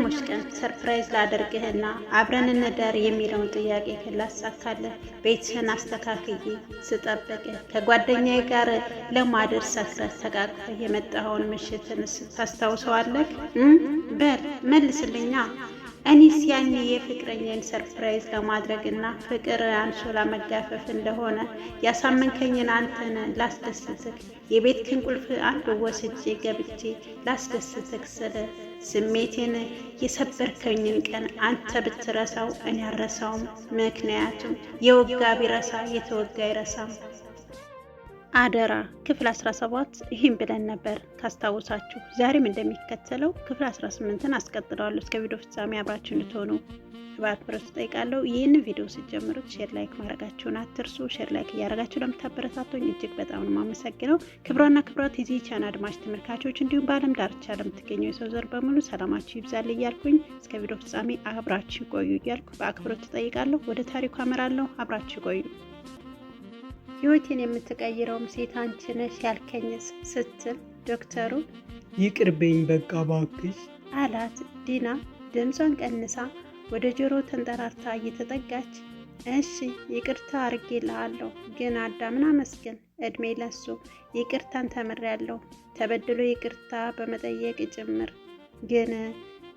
ሞች ቀን ሰርፕራይዝ ላደርግህና አብረን እንደር የሚለውን ጥያቄ ክላሳካለህ ቤትህን አስተካክዬ ስጠብቅህ ከጓደኛዬ ጋር ለማደር ሰክረህ ተቃቅፈህ የመጣኸውን ምሽትን ታስታውሰዋለህ? በር መልስልኛ። እኔስ ያኔ የፍቅረኛን ሰርፕራይዝ ለማድረግና ፍቅር አንሶ ለመጋፈፍ እንደሆነ ያሳመንከኝን አንተን ላስደስትክ የቤትህን ቁልፍ አንድ ወስጄ ገብቼ ላስደስትክ ስለ ስሜቴን የሰበርከኝን ቀን አንተ ብትረሳው እኔ አልረሳውም። ምክንያቱም የወጋ ቢረሳ የተወጋ አይረሳም። አደራ ክፍል 17 ይህም ብለን ነበር ካስታውሳችሁ። ዛሬም እንደሚከተለው ክፍል 18ን አስቀጥለዋለሁ። እስከ ቪዲዮ ፍጻሜ አብራችሁ እንድትሆኑ በአክብሮት እጠይቃለሁ። ይህን ቪዲዮ ስትጀምሩት ሼር ላይክ ማድረጋችሁን አትርሱ። ሼር ላይክ እያደረጋችሁ ለምታበረታቱኝ እጅግ በጣም ነው የማመሰግነው። ክብሯና ክብሯት የዚህ ቻና አድማጭ ተመልካቾች፣ እንዲሁም በዓለም ዳርቻ ለምትገኘው የሰው ዘር በሙሉ ሰላማችሁ ይብዛል እያልኩኝ እስከ ቪዲዮ ፍጻሜ አብራችሁ ቆዩ እያልኩ በአክብሮት እጠይቃለሁ። ወደ ታሪኩ አመራለሁ። አብራችሁ ቆዩ። ህይወቴን የምትቀይረውም ሴት አንቺ ነሽ ያልከኝ ስትል ዶክተሩ ይቅርብኝ በቃ ባክሽ አላት። ዲና ድምጿን ቀንሳ ወደ ጆሮ ተንጠራርታ እየተጠጋች እሺ ይቅርታ አርጌልሃለሁ፣ ግን አዳምን አመስግን። እድሜ ለሱ ይቅርታን ተምሬያለሁ፣ ተበድሎ ይቅርታ በመጠየቅ ጭምር ግን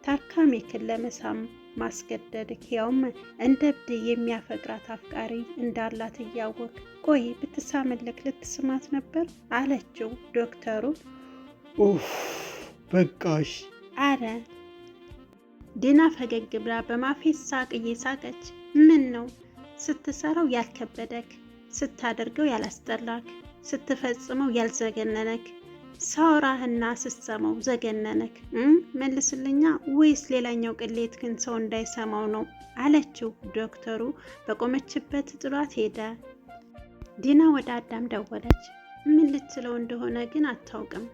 ታካሚ ክን ለመሳም ማስገደድክ ያውም እንደ እብድ የሚያፈቅራት አፍቃሪ እንዳላት እያወቅ ቆይ ብትሳመልክ ልትስማት ነበር አለችው። ዶክተሩ ኡፍ በቃሽ አረ ዲና ፈገግ ብላ በማፌት ሳቅ እየሳቀች ምን ነው ስትሰራው ያልከበደክ፣ ስታደርገው ያላስጠላክ፣ ስትፈጽመው ያልዘገነነክ ሳውራህና ስሰማው ዘገነነክ መልስልኛ ወይስ ሌላኛው ቅሌት ግን ሰው እንዳይሰማው ነው አለችው። ዶክተሩ በቆመችበት ጥሏት ሄደ። ዲና ወደ አዳም ደወለች። ምን ልትለው እንደሆነ ግን አታውቅም።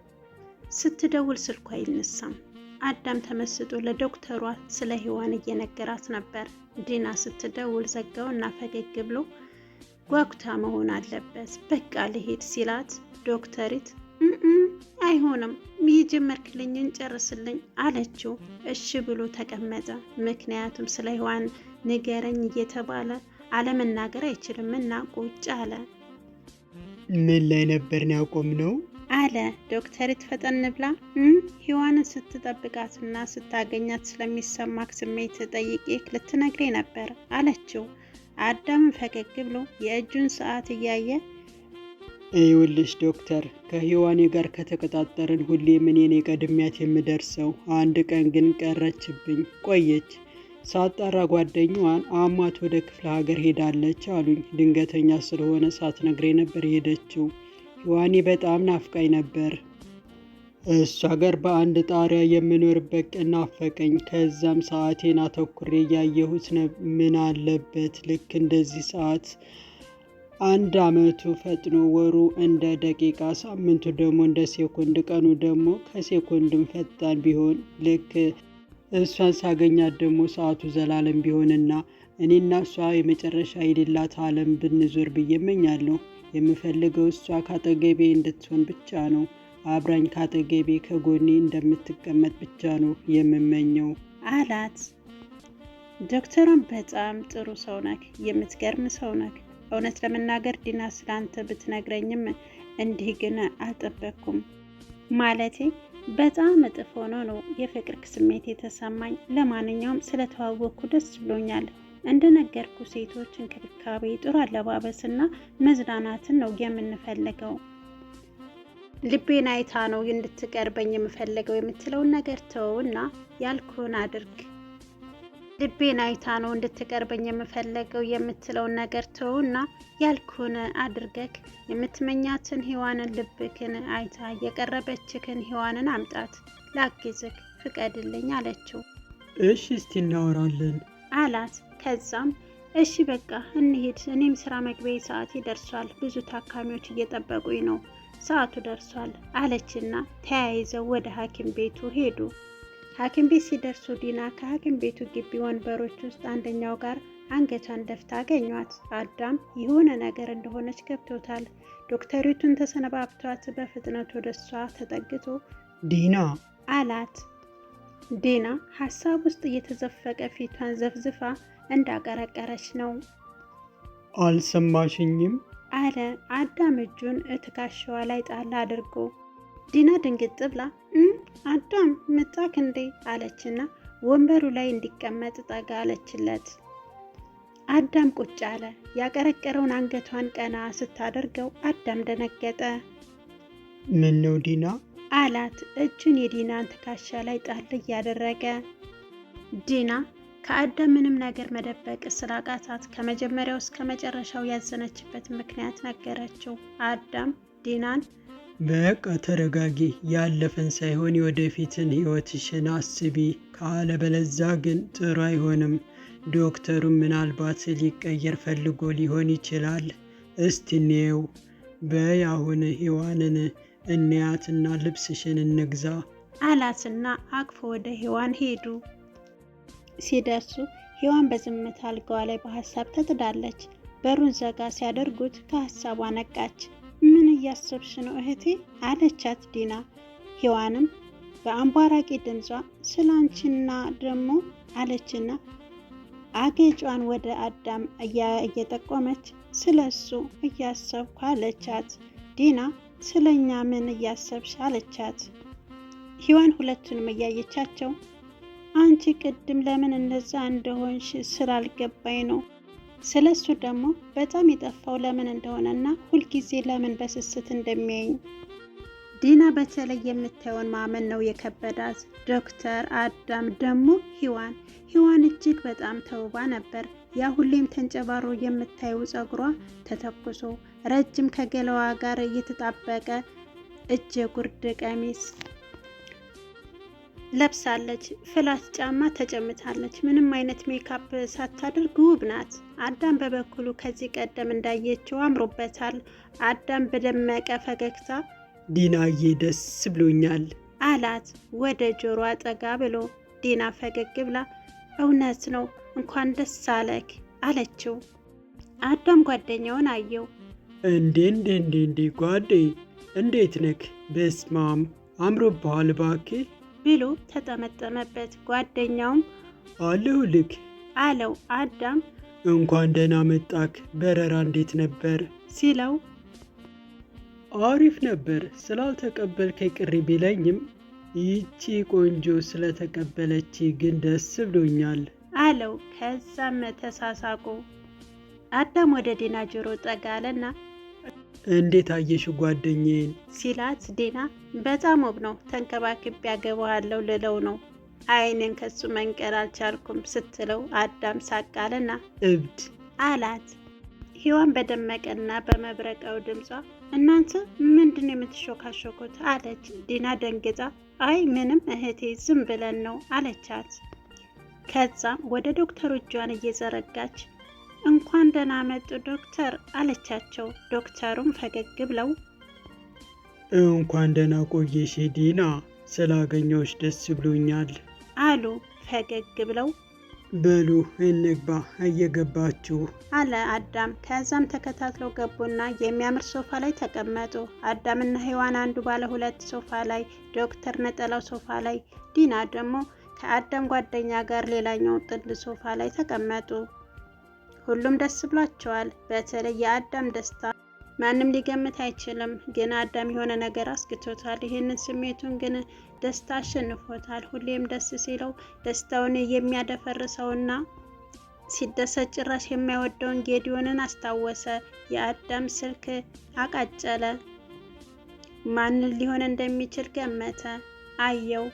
ስትደውል ስልኩ አይነሳም። አዳም ተመስጦ ለዶክተሯ ስለ ሔዋን እየነገራት ነበር። ዲና ስትደውል ዘጋውና ፈገግ ብሎ ጓጉታ መሆን አለበት በቃ ልሄድ ሲላት ዶክተሪት አይሆንም ክልኝን ጨርስልኝ አለችው። እሺ ብሎ ተቀመጠ። ምክንያቱም ስለ ህዋን ንገረኝ እየተባለ አለመናገር አይችልም እና ቁጭ አለ። ምን ላይ ነበርን ያቆም ነው አለ። ዶክተሪት ፈጠን ብላ ሔዋንን ስትጠብቃትና ስታገኛት ስለሚሰማክ ስሜት ጠይቄ ልትነግሬ ነበር አለችው። አዳምን ፈገግ ብሎ የእጁን ሰዓት እያየ ይኸውልሽ ዶክተር ከህዋኔ ጋር ከተቀጣጠርን ሁሌ እኔ ነኝ ቀድሚያት የምደርሰው። አንድ ቀን ግን ቀረችብኝ ቆየች። ሳጣራ ጓደኛዋን አሟት ወደ ክፍለ ሀገር ሄዳለች አሉኝ። ድንገተኛ ስለሆነ ሳትነግሬ ነበር የሄደችው። ህዋኔ በጣም ናፍቃኝ ነበር። እሷ ጋር በአንድ ጣሪያ የምኖርበት ቀን ናፈቀኝ። ከዛም ሰዓቴን አተኩሬ እያየሁት ምን አለበት ልክ እንደዚህ ሰዓት አንድ አመቱ ፈጥኖ ወሩ እንደ ደቂቃ ሳምንቱ ደግሞ እንደ ሴኮንድ ቀኑ ደግሞ ከሴኮንድም ፈጣን ቢሆን ልክ እሷን ሳገኛት ደግሞ ሰዓቱ ዘላለም ቢሆንና እኔና እሷ የመጨረሻ የሌላት አለም ብንዞር ብዬ እመኛለሁ። የምፈልገው እሷ ካጠገቤ እንድትሆን ብቻ ነው። አብራኝ ካጠገቤ ከጎኔ እንደምትቀመጥ ብቻ ነው የምመኘው አላት። ዶክተሯን በጣም ጥሩ ሰው ነክ፣ የምትገርም ሰው ነክ እውነት ለመናገር ዲና ስላንተ ብትነግረኝም እንዲህ ግን አልጠበቅኩም። ማለቴ በጣም እጥፍ ሆኖ ነው የፍቅር ስሜት የተሰማኝ። ለማንኛውም ስለተዋወቅኩ ደስ ብሎኛል። እንደነገርኩ ሴቶች እንክብካቤ፣ ጥሩ አለባበስ እና መዝናናትን ነው የምንፈልገው። ልቤን አይታ ነው እንድትቀርበኝ የምፈልገው የምትለውን ነገር ተወውና ያልኩህን አድርግ ልቤን አይታ ነው እንድትቀርበኝ የምፈለገው የምትለውን ነገር ተውና ያልኩን አድርገክ የምትመኛትን ሔዋንን ልብክን አይታ የቀረበችክን ሔዋንን አምጣት ላግዝክ ፍቀድልኝ አለችው። እሺ እስቲ እናወራለን አላት። ከዛም እሺ በቃ እንሂድ፣ እኔም ስራ መግቢያ ሰዓት ደርሷል፣ ብዙ ታካሚዎች እየጠበቁኝ ነው፣ ሰዓቱ ደርሷል አለችና ተያይዘው ወደ ሐኪም ቤቱ ሄዱ። ሐኪም ቤት ሲደርሱ ዲና ከሐኪም ቤቱ ግቢ ወንበሮች ውስጥ አንደኛው ጋር አንገቷን ደፍታ አገኟት። አዳም የሆነ ነገር እንደሆነች ገብቶታል። ዶክተሪቱን ተሰነባብቷት በፍጥነት ወደ እሷ ተጠግቶ ዲና አላት። ዲና ሀሳብ ውስጥ እየተዘፈቀ ፊቷን ዘፍዝፋ እንዳቀረቀረች ነው። አልሰማሽኝም አለ አዳም እጁን እትካሻዋ ላይ ጣል አድርጎ። ዲና ድንግጥ ብላ አዳም መጣክ እንዴ አለችና ወንበሩ ላይ እንዲቀመጥ ጠጋ አለችለት። አዳም ቁጭ አለ። ያቀረቀረውን አንገቷን ቀና ስታደርገው አዳም ደነገጠ። ምን ነው ዲና አላት፣ እጁን የዲናን ትከሻ ላይ ጣል እያደረገ ዲና ከአዳም ምንም ነገር መደበቅ ስላቃታት ከመጀመሪያው እስከ መጨረሻው ያዘነችበት ምክንያት ነገረችው። አዳም ዲናን በቃ ተረጋጊ። ያለፈን ሳይሆን የወደፊትን ህይወትሽን አስቢ። ካለበለዛ ግን ጥሩ አይሆንም። ዶክተሩም ምናልባት ሊቀየር ፈልጎ ሊሆን ይችላል። እስቲ እንየው። በይ አሁን ሔዋንን እንያትና ልብስሽን እንግዛ አላትና አቅፎ ወደ ሔዋን ሄዱ። ሲደርሱ ሔዋን በዝምታ አልጋዋ ላይ በሀሳብ ተጥዳለች። በሩን ዘጋ ሲያደርጉት ከሀሳቧ ነቃች። ምን እያሰብሽ ነው እህቴ? አለቻት ዲና። ሔዋንም በአምቧራቂ ድምጿ ስላንችና ደግሞ አለችና አገጯን ወደ አዳም እየጠቆመች ስለ እሱ እያሰብኩ አለቻት። ዲና ስለኛ ምን እያሰብሽ አለቻት። ሔዋን ሁለቱንም እያየቻቸው አንቺ ቅድም ለምን እንደዛ እንደሆንሽ ስላልገባኝ ነው ስለ እሱ ደግሞ በጣም የጠፋው ለምን እንደሆነ እና ሁልጊዜ ለምን በስስት እንደሚያይኝ ዲና በተለይ የምታየውን ማመን ነው የከበዳት። ዶክተር አዳም ደግሞ ሂዋን ሂዋን እጅግ በጣም ተውባ ነበር። ያ ሁሌም ተንጨባሮ የምታየው ጸጉሯ ተተኩሶ ረጅም ከገለዋ ጋር እየተጣበቀ እጀ ጉርድ ቀሚስ ለብሳለች። ፍላት ጫማ ተጨምታለች። ምንም አይነት ሜካፕ ሳታደርግ ውብ ናት። አዳም በበኩሉ ከዚህ ቀደም እንዳየችው አምሮበታል። አዳም በደመቀ ፈገግታ ዲናዬ ደስ ብሎኛል አላት፣ ወደ ጆሮ አጠጋ ብሎ። ዲና ፈገግ ብላ እውነት ነው እንኳን ደስ አለክ አለችው። አዳም ጓደኛውን አየው። እንዴ እንዴ እንዴ ጓዴ እንዴት ነክ? በስማም አምሮብሃል ባኬ ቢሉ ተጠመጠመበት። ጓደኛውም ልክ አለው። አዳም እንኳን ደህና መጣክ፣ በረራ እንዴት ነበር ሲለው አሪፍ ነበር ስላልተቀበል ቅሪ ቢለኝም ይቺ ቆንጆ ስለተቀበለች ግን ደስ ብሎኛል አለው። ከዛም ተሳሳቁ። አዳም ወደ ዴናጀሮ ጠጋ አለና እንዴት አየሽ ጓደኛዬን ሲላት ዲና በጣም ውብ ነው ተንከባክቤ ያገባዋለሁ ልለው ነው አይኔን ከሱ መንቀል አልቻልኩም ስትለው አዳም ሳቃልና እብድ አላት። ሔዋን በደመቀና በመብረቀው ድምጿ እናንተ ምንድን ነው የምትሾካሾኩት አለች። ዲና ደንግጣ አይ ምንም እህቴ ዝም ብለን ነው አለቻት። ከዛም ወደ ዶክተር እጇን እየዘረጋች እንኳን ደህና መጡ ዶክተር አለቻቸው። ዶክተሩም ፈገግ ብለው እንኳን ደህና ቆየሽ ዲና፣ ስላገኘሁሽ ደስ ብሎኛል አሉ ፈገግ ብለው። በሉ እንግባ እየገባችሁ አለ አዳም። ከዛም ተከታትለው ገቡና የሚያምር ሶፋ ላይ ተቀመጡ። አዳምና ሔዋን አንዱ ባለ ሁለት ሶፋ ላይ፣ ዶክተር ነጠላው ሶፋ ላይ፣ ዲና ደግሞ ከአዳም ጓደኛ ጋር ሌላኛው ጥንድ ሶፋ ላይ ተቀመጡ። ሁሉም ደስ ብሏቸዋል። በተለይ የአዳም ደስታ ማንም ሊገምት አይችልም። ግን አዳም የሆነ ነገር አስግቶታል። ይህንን ስሜቱን ግን ደስታ አሸንፎታል። ሁሌም ደስ ሲለው ደስታውን የሚያደፈርሰውና ሲደሰት ጭራሽ የማይወደውን ጌዲዮንን አስታወሰ። የአዳም ስልክ አቃጨለ። ማንን ሊሆን እንደሚችል ገመተ። አየው፣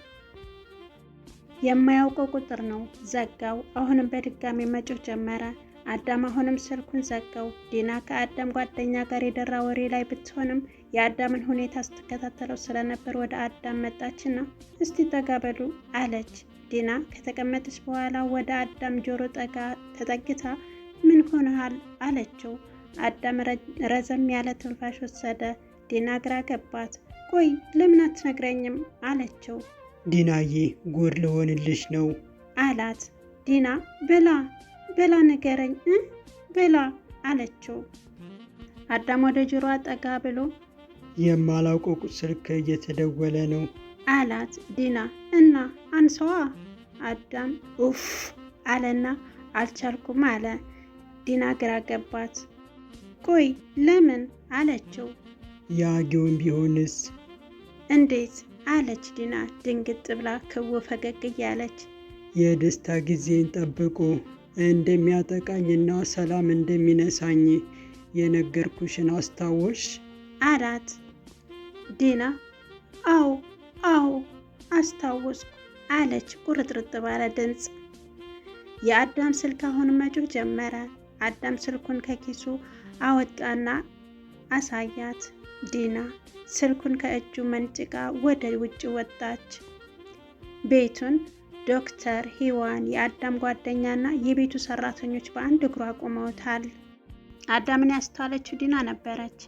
የማያውቀው ቁጥር ነው። ዘጋው። አሁንም በድጋሚ መጮህ ጀመረ። አዳም አሁንም ስልኩን ዘጋው። ዲና ከአዳም ጓደኛ ጋር የደራ ወሬ ላይ ብትሆንም የአዳምን ሁኔታ ስትከታተለው ስለነበር ወደ አዳም መጣችና እስቲ ጠጋ በሉ አለች። ዲና ከተቀመጠች በኋላ ወደ አዳም ጆሮ ጠጋ ተጠግታ ምን ሆነሃል አለችው። አዳም ረዘም ያለ ትንፋሽ ወሰደ። ዲና ግራ ገባት። ቆይ ለምን አትነግረኝም አለችው። ዲናዬ ጉድ ልሆንልሽ ነው አላት። ዲና በላ በላ ንገረኝ ብላ አለችው። አዳም ወደ ጆሮ አጠጋ ብሎ የማላውቀው ስልክ እየተደወለ ነው አላት ዲና እና አንሰዋ። አዳም ኡፍ አለና አልቻልኩም አለ። ዲና ግራ ገባት። ቆይ ለምን አለችው። ያጌውን ቢሆንስ እንዴት አለች ዲና ድንግጥ ብላ ክው ፈገግ እያለች የደስታ ጊዜን ጠብቁ እንደሚያጠቃኝና ሰላም እንደሚነሳኝ የነገርኩሽን አስታወሽ አላት። ዲና አዎ አዎ አስታወስኩ አለች ቁርጥርጥ ባለ ድምፅ። የአዳም ስልክ አሁን መጮህ ጀመረ። አዳም ስልኩን ከኪሱ አወጣና አሳያት። ዲና ስልኩን ከእጁ መንጭቃ ወደ ውጭ ወጣች። ቤቱን ዶክተር ሂዋን የአዳም ጓደኛና የቤቱ ሰራተኞች በአንድ እግሯ ቆመውታል። አዳምን ያስተዋለችው ዲና ነበረች።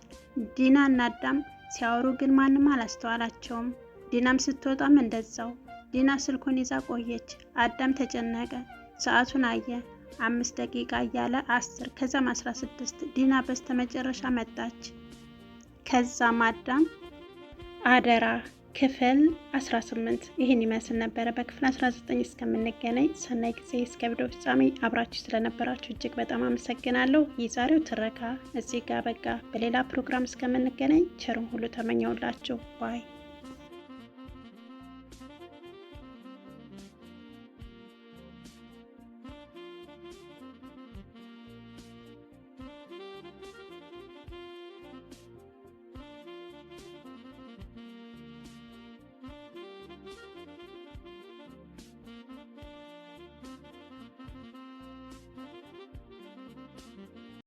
ዲና እና አዳም ሲያወሩ ግን ማንም አላስተዋላቸውም። ዲናም ስትወጣም እንደዛው። ዲና ስልኩን ይዛ ቆየች። አዳም ተጨነቀ። ሰዓቱን አየ። አምስት ደቂቃ እያለ አስር ከዛም አስራ ስድስት ዲና በስተመጨረሻ መጣች። ከዛም አዳም አደራ ክፍል 18 ይህን ይመስል ነበረ። በክፍል 19 እስከምንገናኝ ሰናይ ጊዜ። እስከ ቪዲዮ ፍጻሜ አብራችሁ ስለነበራችሁ እጅግ በጣም አመሰግናለሁ። የዛሬው ትረካ እዚህ ጋር በቃ። በሌላ ፕሮግራም እስከምንገናኝ ቸርም ሁሉ ተመኘውላችሁ ባይ